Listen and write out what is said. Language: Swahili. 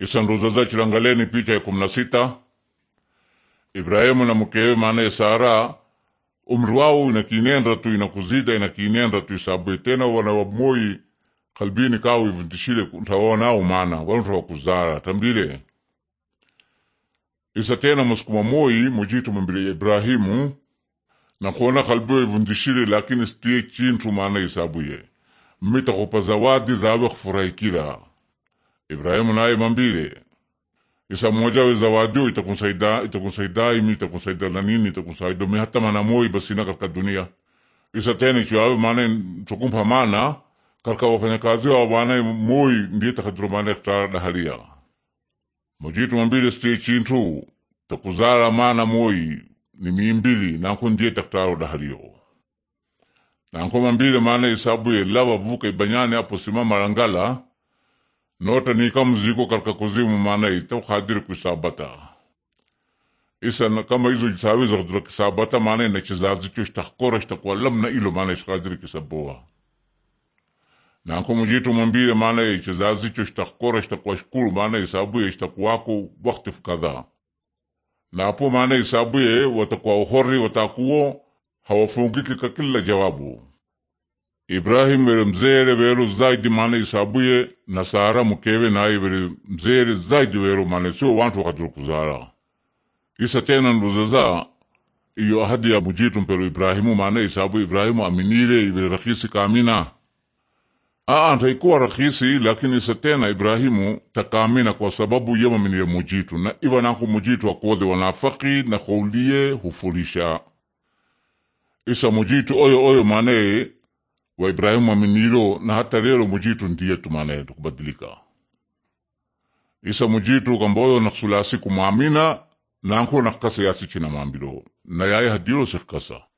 isanduzaza chilangaleni picha ya kumi na sita Ibrahimu na mkewe maana Sara umri wao inakinenda tu inakuzida inakinenda tu isabu tena wana wamoi kalbini kawo ivundishile ntawanao maana wakuzara tambile isa tena maskuma moi mujitu mambile Ibrahimu na kuona kalbio ivundishile lakini stie chintu maana isabuye mitakupa zawadi zawe kufurahikila Ibrahimu naye mambile isa moja we zawadio itakunsaidia itakunsaidia imi itakunsaidia na nini itakunsaidia me hata mana moi na katika dunia isa tena chiwawe maana chukumpa maana katika kazi wa bwana moi ndiye takadro maana kitara dahalia mojitu mambile stie chintu takuzala maana moi ni mimbili nanko ndiye takitaro dahalio nanko mambile maana isabuye lava vuka ibanyane hapo simama rangala no tanikam ziko karkakuzimu manaitau hadiri kuisabata isa nakama izo jisawiza kudura kisabata maana inachizazicho ishtakora ishtakwalam na ilo maana ishkadiri kisaboa nanko mujitu mwambile maana ichizazicho ishtakora ishtakwashkuru maana isabuye ishtakwako wakti kadhaa na hapo maana isabuye watakuwa uhori watakuwo hawafungiki kakila jawabu Ibrahim vere mzere vero zaidi mane isabuye na Sara mukewe naye vere mzere zaidi vero mane sio wantu wakatiri kuzara. isa tena nuzaza iyo ahadi ya bujitu mpero Ibrahimu mane isabu Ibrahimu aminire ivere rakisi kamina aa ntaikuwa rakisi lakini isa tena Ibrahimu takamina kwa sababu minire mujitu na iwa nako mujitu akodhe wanafaki na khoulie hufulisha. isa mujitu oyo oyo mane wa Ibrahimu aminilo na hata lelo mujitu ndiye tumanaye kubadilika. isa mujitu kamboyo na kumwamina na nakakasa yasi china mambilo na yaye hadilo sikasa